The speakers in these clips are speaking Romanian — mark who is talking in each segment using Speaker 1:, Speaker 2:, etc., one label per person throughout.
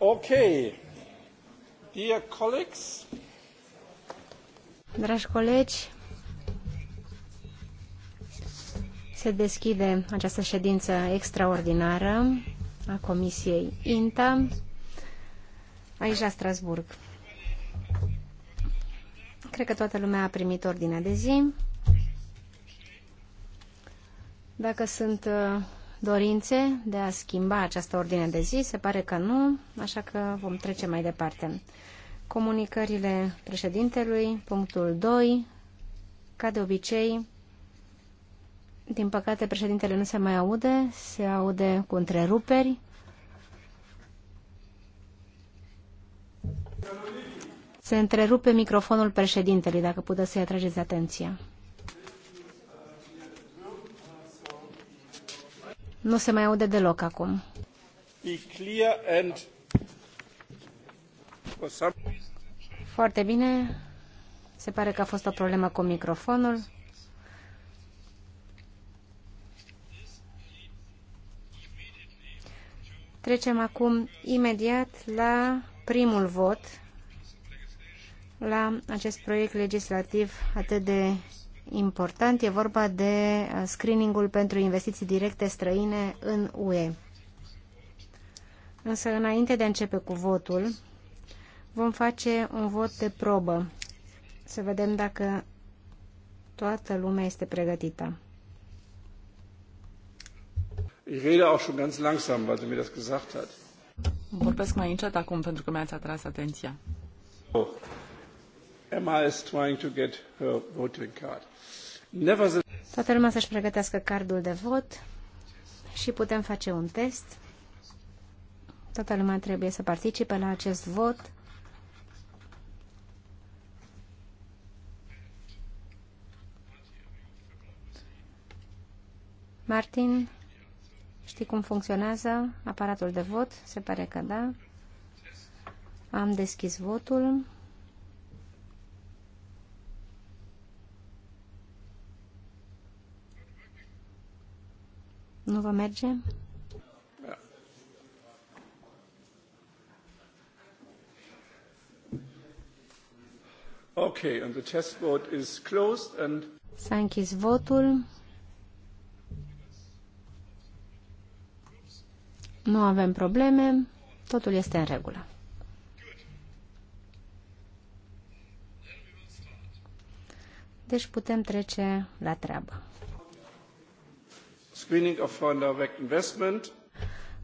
Speaker 1: Okay. Dear colleagues.
Speaker 2: Dragi colegi, se deschide această ședință extraordinară a Comisiei INTA aici la Strasburg. Cred că toată lumea a primit ordinea de zi. Dacă sunt uh, dorințe de a schimba această ordine de zi? Se pare că nu, așa că vom trece mai departe. Comunicările președintelui, punctul 2, ca de obicei, din păcate președintele nu se mai aude, se aude cu întreruperi. Se întrerupe microfonul președintelui, dacă puteți să-i atrageți atenția. Nu se mai aude deloc acum. Foarte bine. Se pare că a fost o problemă cu microfonul. Trecem acum imediat la primul vot la acest proiect legislativ atât de important. E vorba de uh, screeningul pentru investiții directe străine în UE. Însă, înainte de a începe cu votul, vom face un vot de probă. Să vedem dacă toată lumea este pregătită.
Speaker 1: Ich rede auch schon ganz langsam, weil sie mir das gesagt hat.
Speaker 3: Vorbesc mai încet acum pentru că mi-ați atras atenția.
Speaker 1: Oh. Emma is trying to get her voting card.
Speaker 2: Nevertheless... Toată lumea să-și pregătească cardul de vot și putem face un test. Toată lumea trebuie să participe la acest vot. Martin, știi cum funcționează aparatul de vot? Se pare că da. Am deschis votul. Nu va merge?
Speaker 1: Okay, and the test vote is closed and
Speaker 2: S-a închis votul. Nu avem probleme, totul este în regulă. Deci putem trece la treabă.
Speaker 1: Screening of Foreign Direct Investment.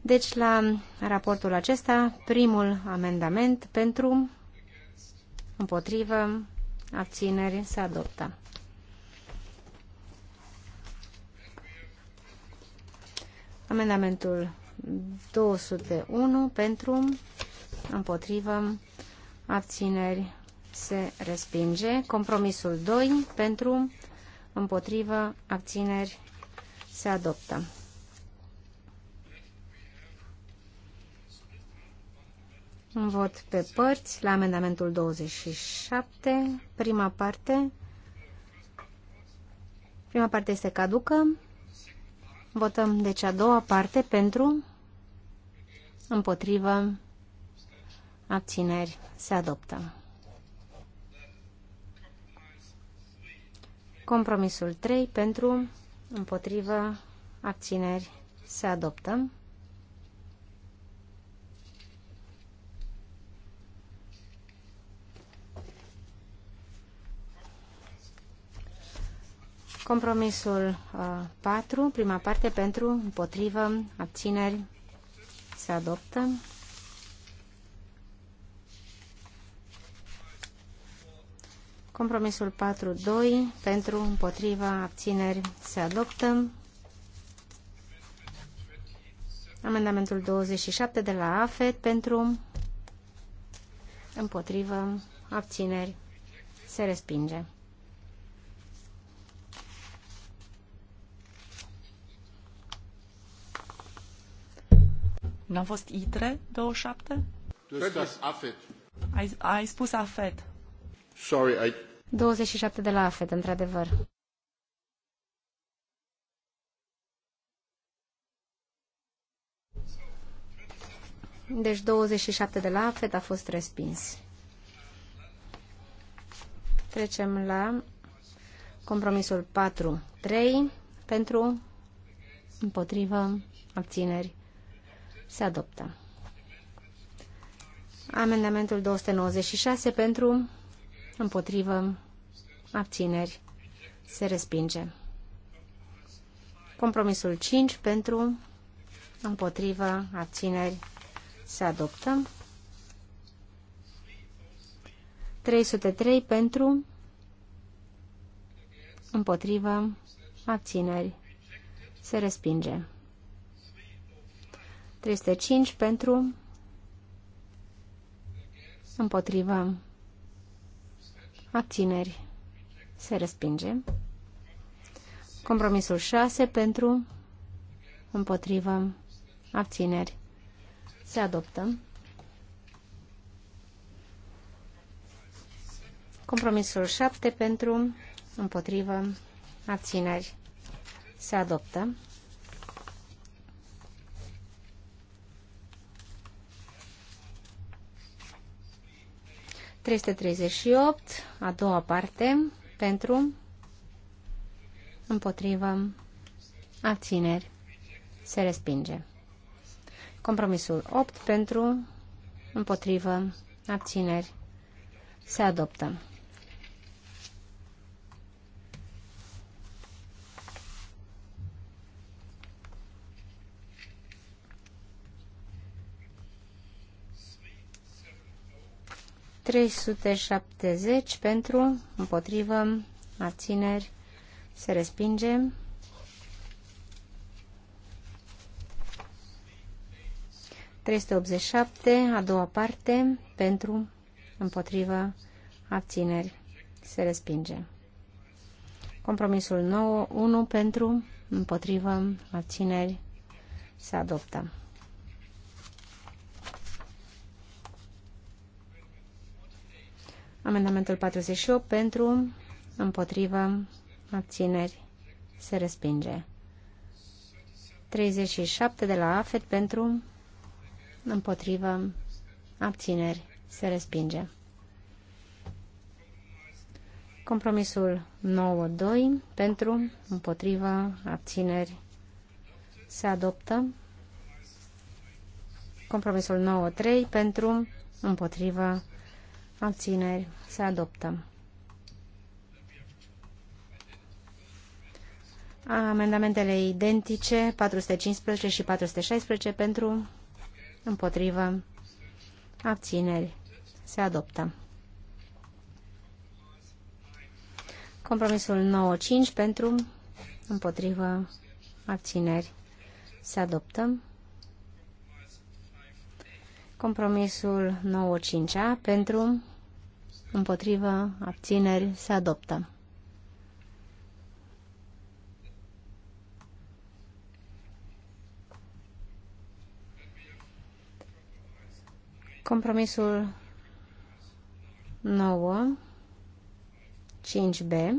Speaker 2: Deci, la raportul acesta, primul amendament pentru, împotrivă, abțineri se adoptă. Amendamentul 201 pentru, împotrivă, abțineri se respinge. Compromisul 2 pentru, împotrivă, abțineri se adoptă. Un vot pe părți la amendamentul 27, prima parte. Prima parte este caducă. Votăm deci a doua parte pentru, împotrivă, abțineri, se adoptă. Compromisul 3 pentru, împotrivă, abțineri, se adoptă. Compromisul uh, 4, prima parte pentru, împotrivă, abțineri, se adoptă. Compromisul 4.2 pentru împotriva abțineri se adoptă. Amendamentul 27 de la AFET pentru împotriva abțineri se respinge. N-a fost ITRE 27?
Speaker 1: Tu ai spus AFET.
Speaker 2: Ai, ai spus AFET. Sorry, I... 27 de la AFET, într-adevăr. Deci 27 de la AFED a fost respins. Trecem la compromisul 4.3 pentru împotrivă abțineri se adoptă. Amendamentul 296 pentru împotrivă, abțineri, se respinge. Compromisul 5 pentru, împotrivă, abțineri, se adoptă. 303 pentru, împotrivă, abțineri, se respinge. 305 pentru, împotrivă, abțineri, se respinge. Compromisul 6 pentru, împotrivă, abțineri, se adoptă. Compromisul 7 pentru, împotrivă, abțineri, se adoptă. 338, a doua parte, pentru, împotrivă, abțineri, se respinge. Compromisul 8 pentru, împotrivă, abțineri, se adoptă. 370 pentru, împotrivă, abțineri, se respinge. ...387, a doua parte, pentru, împotrivă, abțineri, se respinge. Compromisul 9, 1 pentru, împotrivă, abțineri, se adoptă. Amendamentul 48 pentru, împotrivă, abțineri, se respinge. 37 de la AFET pentru, împotrivă, abțineri, se respinge. Compromisul 9.2 pentru, împotrivă, abțineri se adoptă. Compromisul 9.3 pentru, împotriva, Abțineri. Se adoptă. Amendamentele identice 415 și 416 pentru împotrivă abțineri se adoptă. Compromisul 95 pentru împotrivă abțineri se adoptă. Compromisul 95A pentru, împotrivă, abțineri, se adoptă. Compromisul 9, 5B,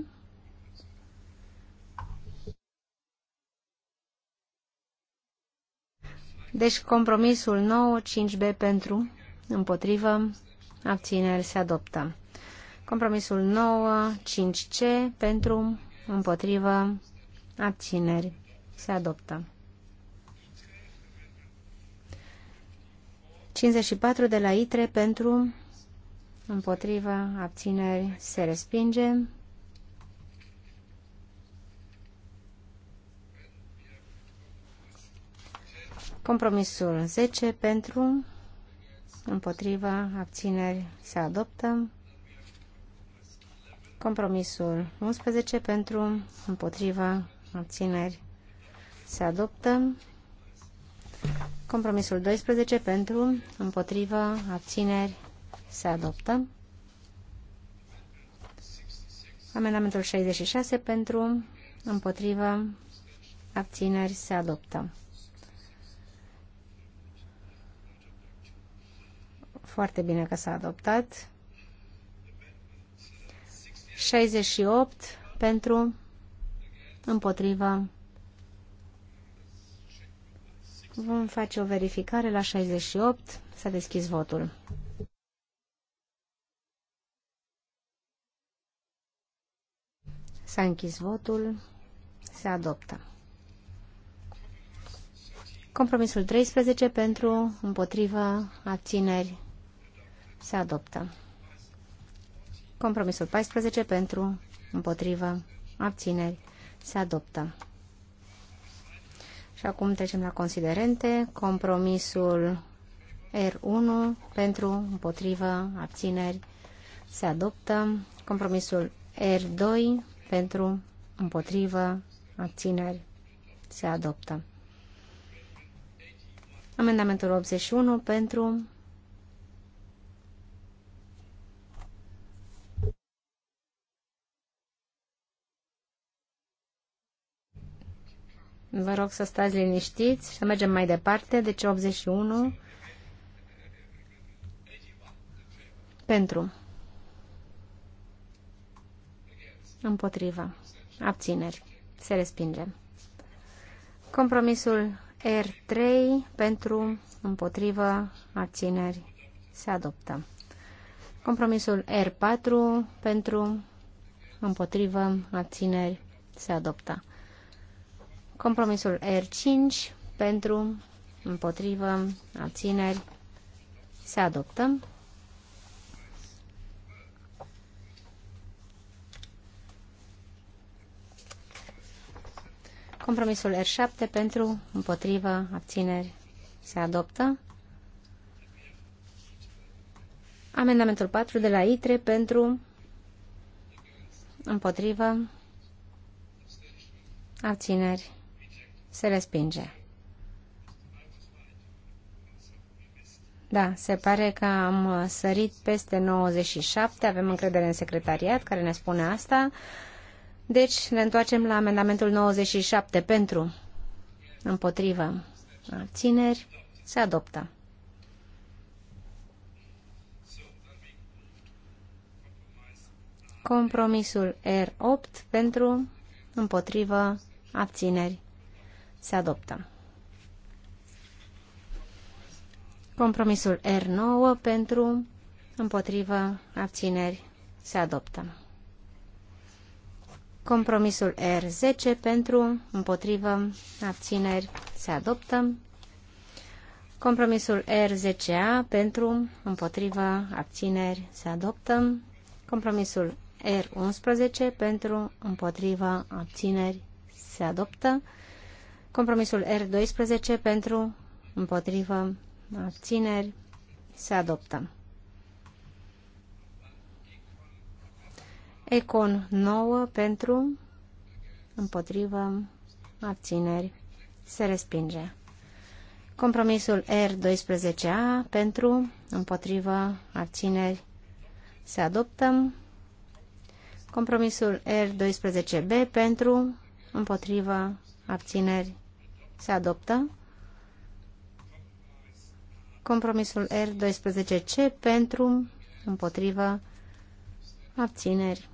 Speaker 2: Deci compromisul nou 5B pentru, împotrivă, abțineri se adoptă. Compromisul nou 5C pentru, împotrivă, abțineri se adoptă. 54 de la ITRE pentru, împotrivă, abțineri se respinge. Compromisul 10 pentru, împotriva, abțineri se adoptă. Compromisul 11 pentru, împotriva, abțineri se adoptă. Compromisul 12 pentru, împotriva, abțineri se adoptă. Amendamentul 66 pentru, împotriva, abțineri se adoptă. Foarte bine că s-a adoptat. 68 pentru, împotriva. Vom face o verificare la 68. S-a deschis votul. S-a închis votul. Se adoptă. Compromisul 13 pentru, împotrivă, abțineri se adoptă. Compromisul 14 pentru, împotrivă, abțineri. Se adoptă. Și acum trecem la considerente. Compromisul R1 pentru, împotrivă, abțineri. Se adoptă. Compromisul R2 pentru, împotrivă, abțineri. Se adoptă. Amendamentul 81 pentru, Vă rog să stați liniștiți și să mergem mai departe. Deci 81 pentru. Împotriva. Abțineri. Se respinge. Compromisul R3 pentru, împotrivă, abțineri. Se adoptă. Compromisul R4 pentru, împotrivă, abțineri. Se adoptă. Compromisul R5 pentru, împotrivă, abțineri, se adoptă. Compromisul R7 pentru, împotrivă, abțineri, se adoptă. Amendamentul 4 de la ITRE pentru, împotrivă, abțineri, se respinge. Da, se pare că am uh, sărit peste 97, avem încredere în secretariat care ne spune asta. Deci ne întoarcem la amendamentul 97 pentru, împotrivă, țineri, se adoptă. Compromisul R8 pentru, împotrivă, abțineri, se adoptă. Compromisul R9 pentru, împotrivă, abțineri, se adoptă. Compromisul R10 pentru, împotrivă, abțineri, se adoptă. Compromisul R10A pentru, împotrivă, abțineri, se adoptă. Compromisul R11 pentru, împotrivă, abțineri, se adoptă. Compromisul R12 pentru, împotrivă, abțineri, se adoptă. Econ 9 pentru, împotrivă, abțineri, se respinge. Compromisul R12A pentru, împotrivă, abțineri, se adoptă. Compromisul R12B pentru, împotrivă, abțineri, se adoptă. Compromisul R12C pentru, împotrivă, abțineri.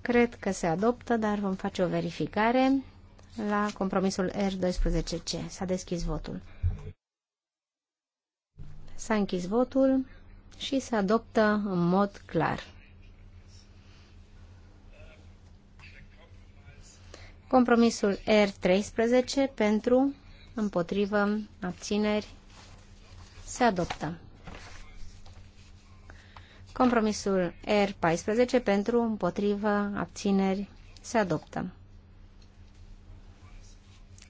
Speaker 2: Cred că se adoptă, dar vom face o verificare la compromisul R12C. S-a deschis votul. S-a închis votul și se adoptă în mod clar. Compromisul R13 pentru, împotrivă, abțineri, se adoptă. Compromisul R14 pentru, împotrivă, abțineri, se adoptă.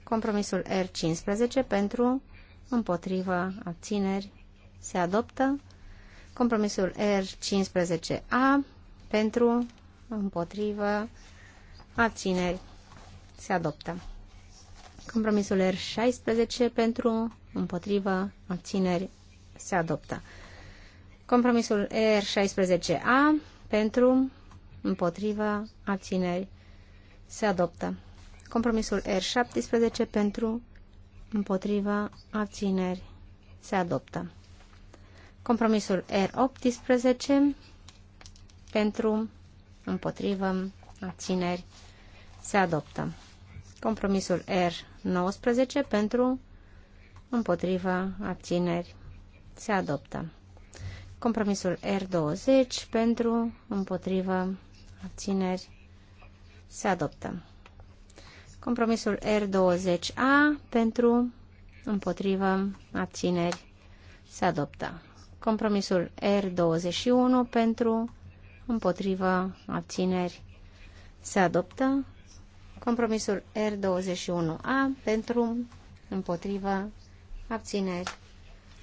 Speaker 2: Compromisul R15 pentru, împotrivă, abțineri, se adoptă. Compromisul R15A pentru, împotrivă, abțineri, se adoptă. Compromisul R16 pentru, împotrivă, abțineri, se adoptă. Compromisul R16A pentru, împotrivă, abțineri, se adoptă. Compromisul R17 pentru, împotrivă, abțineri, se adoptă. Compromisul R18 pentru, împotrivă, abțineri, se adoptă. Compromisul R19 pentru împotriva abțineri se adoptă. Compromisul R20 pentru împotriva abțineri se adoptă. Compromisul R20A pentru împotriva abțineri se adoptă. Compromisul R21 pentru împotriva abțineri se adoptă. Compromisul R21A pentru, împotriva abțineri,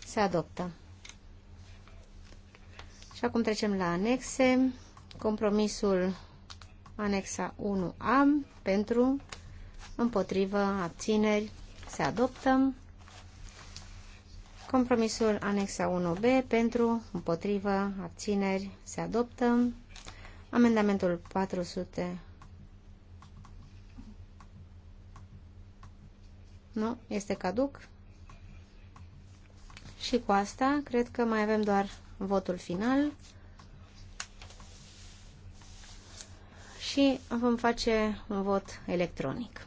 Speaker 2: se adoptă. Și acum trecem la anexe. Compromisul anexa 1A pentru, împotriva abțineri, se adoptă. Compromisul anexa 1B pentru, împotriva abțineri, se adoptă. Amendamentul 400 Nu, este caduc. Și cu asta, cred că mai avem doar votul final. Și vom face un vot electronic.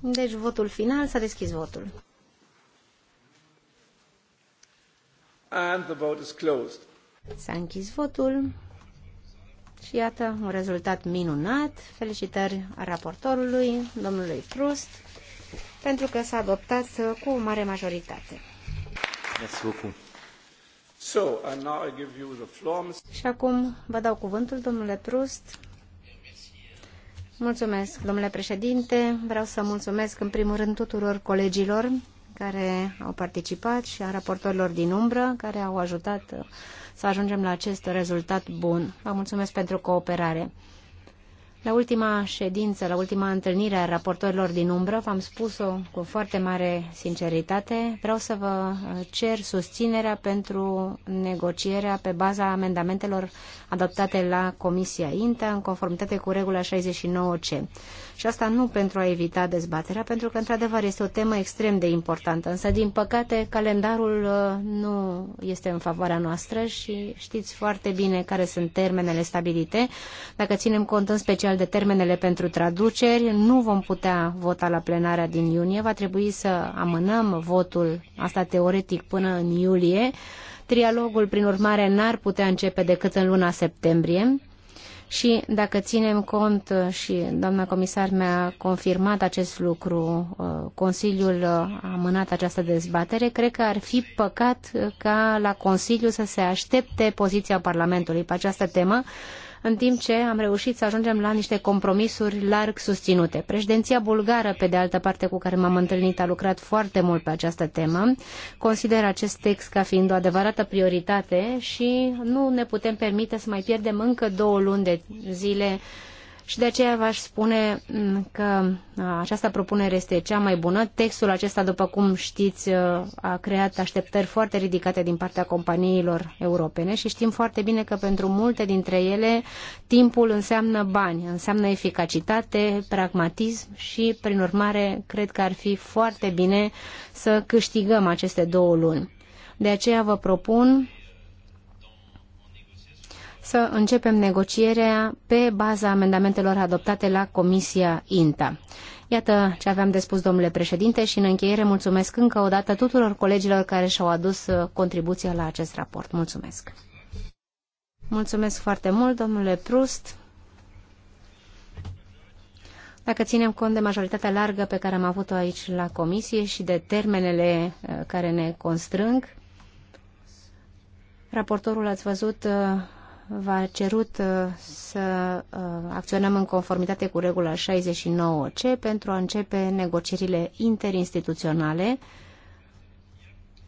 Speaker 2: Deci votul final s-a deschis votul.
Speaker 1: And the vote is closed.
Speaker 2: S-a închis votul și iată un rezultat minunat. Felicitări raportorului, domnului Prust, pentru că s-a adoptat cu o mare majoritate.
Speaker 1: So, and now I give you the floor, Mr. Și
Speaker 2: acum vă dau cuvântul, domnule Prust. Mulțumesc, domnule președinte. Vreau să mulțumesc în primul rând tuturor colegilor care au participat și a raportorilor din umbră care au ajutat să ajungem la acest rezultat bun. Vă mulțumesc pentru cooperare. La ultima ședință, la ultima întâlnire a raportorilor din umbră, v-am spus-o cu foarte mare sinceritate. Vreau să vă cer susținerea pentru negocierea pe baza amendamentelor adoptate la Comisia INTA în conformitate cu regula 69C. Și asta nu pentru a evita dezbaterea, pentru că, într-adevăr, este o temă extrem de importantă. Însă, din păcate, calendarul uh, nu este în favoarea noastră și știți foarte bine care sunt termenele stabilite. Dacă ținem cont în special special de termenele pentru traduceri. Nu vom putea vota la plenarea din iunie. Va trebui să amânăm votul, asta teoretic, până în iulie. Trialogul, prin urmare, n-ar putea începe decât în luna septembrie. Și dacă ținem cont, și doamna comisar mi-a confirmat acest lucru, uh, Consiliul a amânat această dezbatere, cred că ar fi păcat ca la Consiliu să se aștepte poziția Parlamentului pe această temă, în timp ce am reușit să ajungem la niște compromisuri larg susținute. Președinția bulgară, pe de altă parte, cu care m-am întâlnit, a lucrat foarte mult pe această temă. Consider acest text ca fiind o adevărată prioritate și nu ne putem permite să mai pierdem încă două luni de zile și de aceea v-aș spune mm, că această propunere este cea mai bună. Textul acesta, după cum știți, a creat așteptări foarte ridicate din partea companiilor europene și știm foarte bine că pentru multe dintre ele timpul înseamnă bani, înseamnă eficacitate, pragmatism și, prin urmare, cred că ar fi foarte bine să câștigăm aceste două luni. De aceea vă propun să începem negocierea pe baza amendamentelor adoptate la Comisia INTA. Iată ce aveam de spus, domnule președinte, și în încheiere mulțumesc încă o dată tuturor colegilor care și-au adus uh, contribuția la acest raport. Mulțumesc! Mulțumesc foarte mult, domnule Prust! Dacă ținem cont de majoritatea largă pe care am avut-o aici la comisie și de termenele uh, care ne constrâng, raportorul, ați văzut, uh, v-a cerut uh, să uh, acționăm în conformitate cu regula 69C pentru a începe negocierile interinstituționale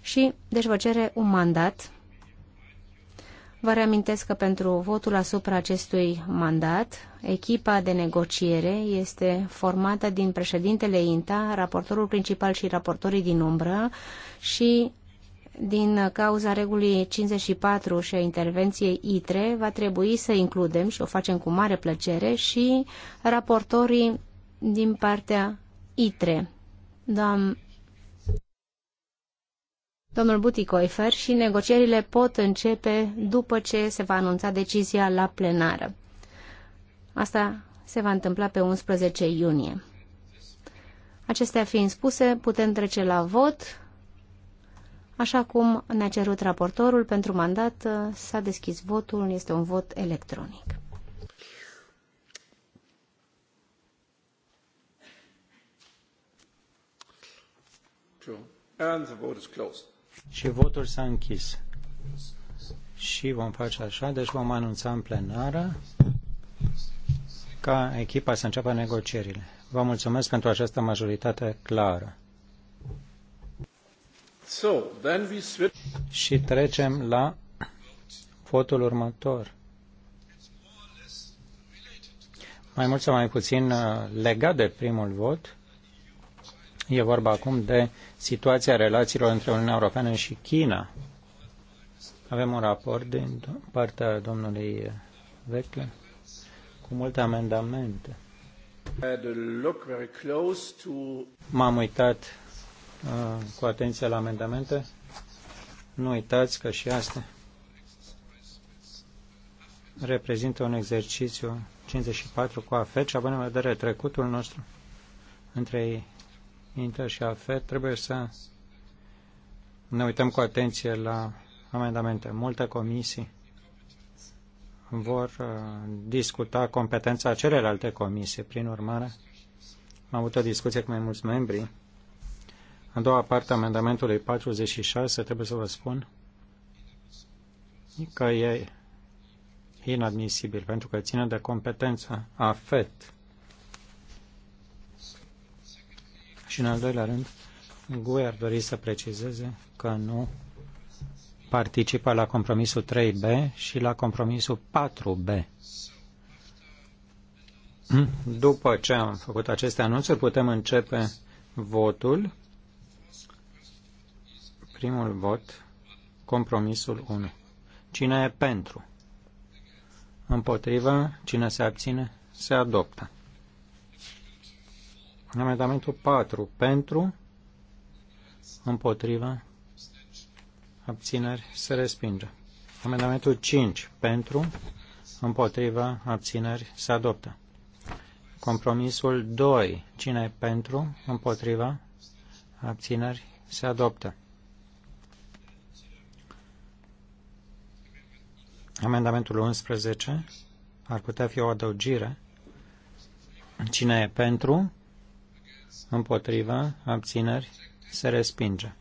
Speaker 2: și deci vă cere un mandat. Vă reamintesc că pentru votul asupra acestui mandat, echipa de negociere este formată din președintele INTA, raportorul principal și raportorii din umbră și din cauza regulii 54 și a intervenției ITRE, va trebui să includem, și o facem cu mare plăcere, și raportorii din partea ITRE. Doam... Domnul Buticoifer și negocierile pot începe după ce se va anunța decizia la plenară. Asta se va întâmpla pe 11 iunie. Acestea fiind spuse, putem trece la vot. Așa cum ne-a cerut raportorul pentru mandat, uh, s-a deschis votul, este un vot electronic.
Speaker 1: And the vote is closed.
Speaker 3: Și votul s-a închis. Și vom face așa, deci vom anunța în plenară ca echipa să înceapă negocierile. Vă mulțumesc pentru această majoritate clară. Și trecem la votul următor. Mai mult sau mai puțin uh, legat de primul vot, e vorba acum de situația relațiilor între Uniunea Europeană și China. Avem un raport din partea domnului Vecle cu multe amendamente. M-am uitat Ah, cu atenție la amendamente. Nu uitați că și astea reprezintă un exercițiu 54 cu afet și având în vedere trecutul nostru între Inter și afet, trebuie să ne uităm cu atenție la amendamente. Multe comisii vor ah, discuta competența celelalte comisii. Prin urmare, am avut o discuție cu mai mulți membri a doua parte a amendamentului 46, trebuie să vă spun că e inadmisibil, pentru că ține de competența a fet. Și în al doilea rând, GUE ar dori să precizeze că nu participă la compromisul 3B și la compromisul 4B. După ce am făcut aceste anunțuri, putem începe votul Primul vot, compromisul 1. Cine e pentru? Împotrivă, cine se abține, se adoptă. Amendamentul 4. Pentru, împotrivă, abțineri, se respinge. Amendamentul 5. Pentru, împotrivă, abțineri, se adoptă. Compromisul 2. Cine e pentru, împotriva, abțineri, se adoptă. Amendamentul 11 ar putea fi o adăugire. Cine e pentru, împotriva, abțineri, se respinge.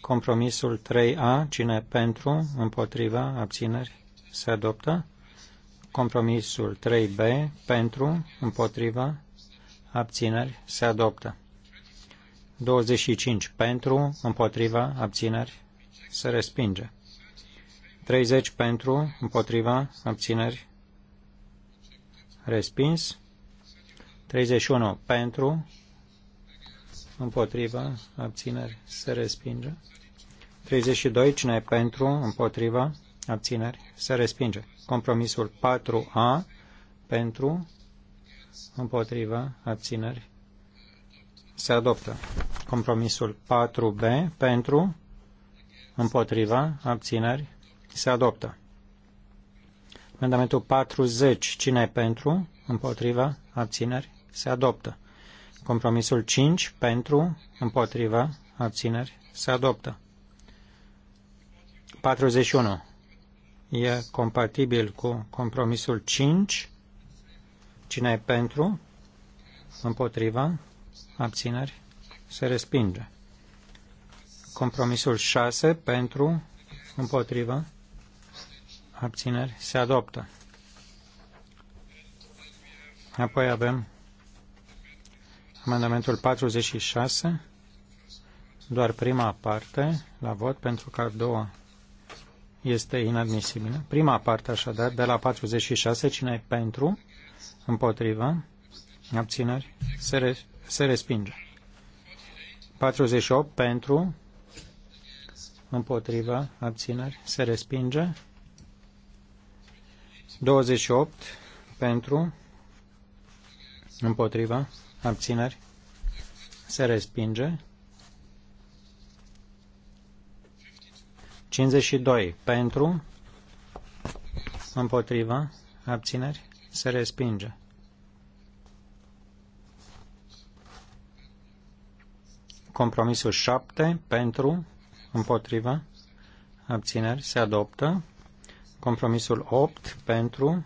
Speaker 3: Compromisul 3A, cine e pentru, împotriva, abțineri, se adoptă. Compromisul 3B, pentru, împotriva, abțineri, se adoptă. 25 pentru, împotriva, abțineri, se respinge. 30 pentru, împotriva, abțineri, respins. 31 pentru, împotriva, abțineri, se respinge. 32, cine e pentru, împotriva, abțineri, se respinge. Compromisul 4A, pentru, împotriva, abțineri, se adoptă. Compromisul 4B, pentru, împotriva, abțineri, se adoptă. Amendamentul 40, cine e pentru, Împotrivă? abțineri, se adoptă. Compromisul 5, pentru, Împotrivă? abțineri, se adoptă. 41. E compatibil cu compromisul 5. Cine e pentru, Împotrivă? abțineri, se respinge. Compromisul 6, pentru, Împotrivă? abțineri, se adoptă. Apoi avem amendamentul 46, doar prima parte la vot, pentru că a doua este inadmisibilă. Prima parte, așadar, de la 46, cine e pentru, împotrivă, abțineri, se, re, se respinge. 48, pentru, împotrivă, abțineri, se respinge. 28 pentru, împotriva, abțineri, se respinge. 52 pentru, împotriva, abțineri, se respinge. Compromisul 7 pentru, împotriva, abțineri, se adoptă. Compromisul 8 pentru,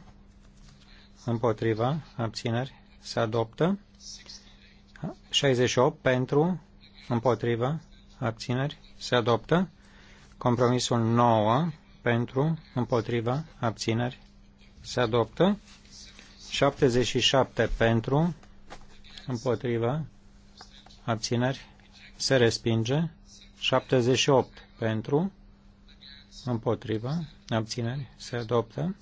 Speaker 3: împotriva, abțineri, se adoptă. 68 pentru, împotriva, abțineri, se adoptă. Compromisul 9 pentru, împotriva, abțineri, se adoptă. 77 pentru, împotriva, abțineri, se respinge. 78 pentru, împotrivă, abțineri, se adoptă.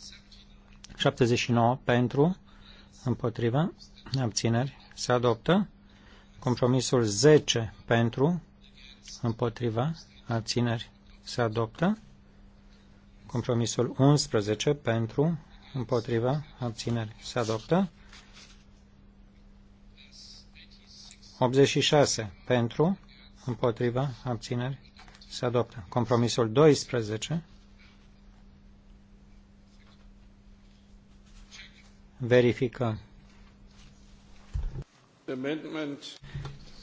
Speaker 3: 79 pentru, împotrivă, abțineri, se adoptă. Compromisul 10 pentru, împotriva, abțineri, se adoptă. Compromisul 11 pentru, împotriva, abțineri, se adoptă. 86 pentru, împotriva, abțineri, se adoptă. Compromisul 12. Verificăm.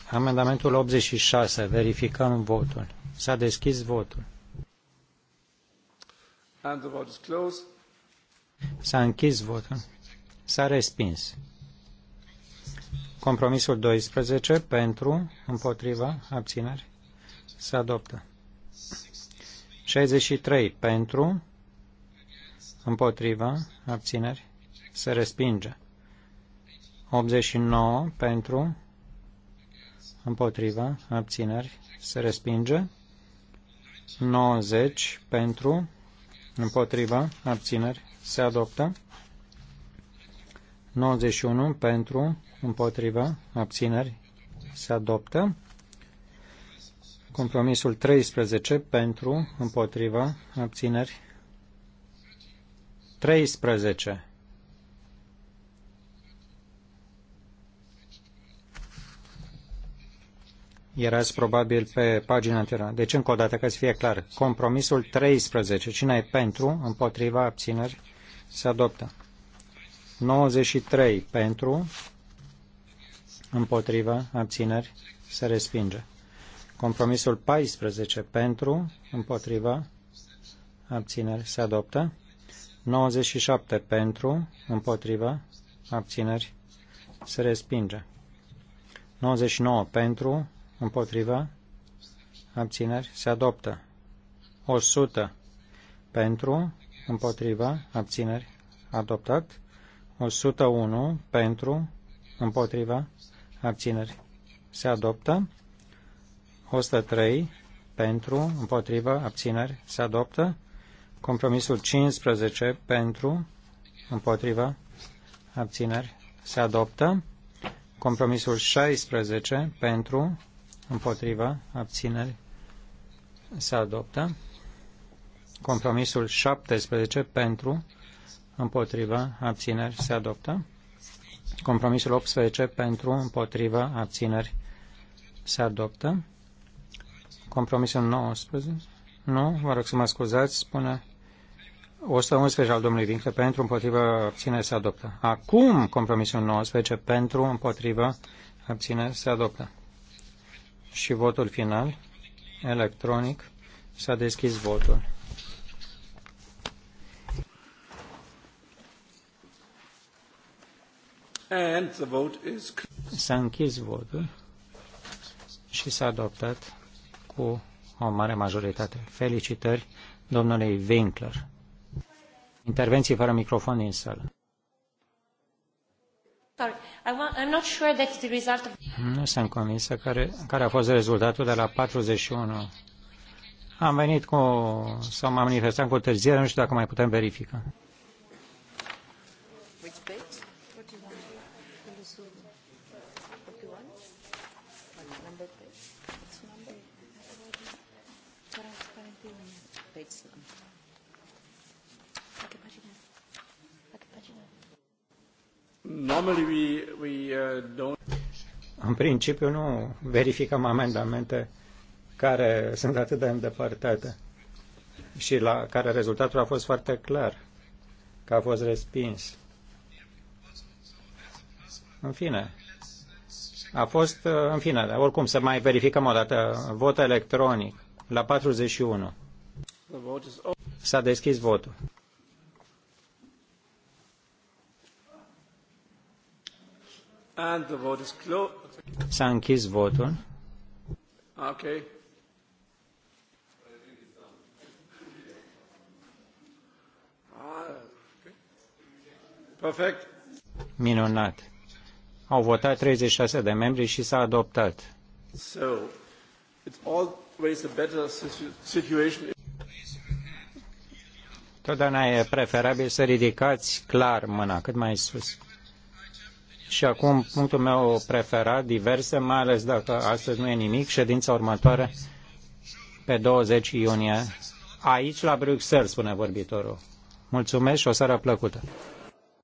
Speaker 3: Amendamentul 86. Verificăm votul. S-a deschis votul. S-a închis votul. S-a respins. Compromisul 12 pentru, împotriva, abțineri, se adoptă. 63 pentru, împotriva, abțineri, se respinge. 89 pentru, împotriva, abțineri, se respinge. 90 pentru, împotriva, abțineri, se adoptă. 91 pentru, împotriva, abțineri, se adoptă. Compromisul 13 pentru, împotriva, abțineri. 13. Erați probabil pe pagina anterioară. Deci, încă o dată, ca să fie clar, compromisul 13. Cine e pentru, împotriva, abțineri, se adoptă. 93 pentru, împotriva, abțineri, se respinge. Compromisul 14 pentru, împotriva, abțineri se adoptă. 97 pentru, împotriva, abțineri se respinge. 99 pentru, împotriva, abțineri se adoptă. 100 pentru, împotriva, abțineri adoptat. 101 pentru, împotriva, abțineri se adoptă. 103 pentru, împotrivă, abțineri, se adoptă. Compromisul 15 pentru, împotrivă, abțineri, se adoptă. Compromisul 16 pentru, împotrivă, abțineri, se adoptă. Compromisul 17 pentru, împotrivă, abțineri, se adoptă. Compromisul 18 pentru, împotrivă, abțineri, se adoptă compromisul 19. Nu, vă rog să mă scuzați, spune 111 al domnului Vincle, pentru, împotrivă, abține, se adoptă. Acum, compromisul 19, pentru, împotrivă, abține, se adoptă. Și votul final, electronic, s-a deschis votul. S-a închis votul și s-a adoptat cu o mare majoritate. Felicitări domnului Winkler. Intervenții fără microfon din sală. Nu sunt convinsă care, care a fost rezultatul de la 41. Am venit cu, sau m-am manifestat cu târziere, nu știu dacă mai putem verifica.
Speaker 1: Uh,
Speaker 3: în principiu nu verificăm amendamente care sunt atât de îndepărtate și la care rezultatul a fost foarte clar, că a fost respins. În fine, a fost, uh, în fine, dar oricum să mai verificăm o dată, vot electronic la 41. S-a deschis votul. S-a închis votul.
Speaker 1: Ah, ok. Perfect.
Speaker 3: Minunat. Au votat 36 de membri și s-a adoptat.
Speaker 1: So, it's always a better situation.
Speaker 3: Totdeauna e preferabil să ridicați clar mâna, cât mai sus. Și acum punctul meu preferat, diverse, mai ales dacă astăzi nu e nimic, ședința următoare pe 20 iunie, aici la Bruxelles, spune vorbitorul. Mulțumesc și o seară plăcută!